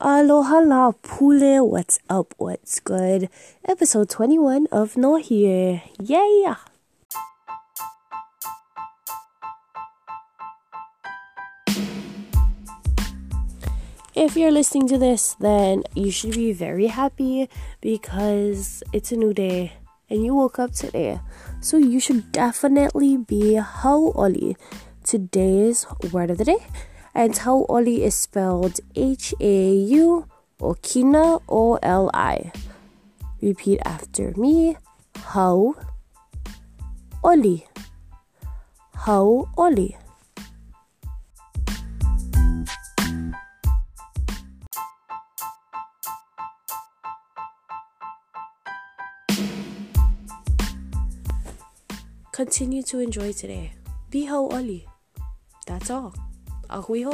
Aloha la pule, what's up, what's good? Episode 21 of No Here. Yay! If you're listening to this, then you should be very happy because it's a new day and you woke up today. So you should definitely be how Oli. Today's word of the day and how Oli is spelled H A U Okina O L I. Repeat after me How Oli. How Oli. Continue to enjoy today. Be how Oli. That's all. 啊，会后。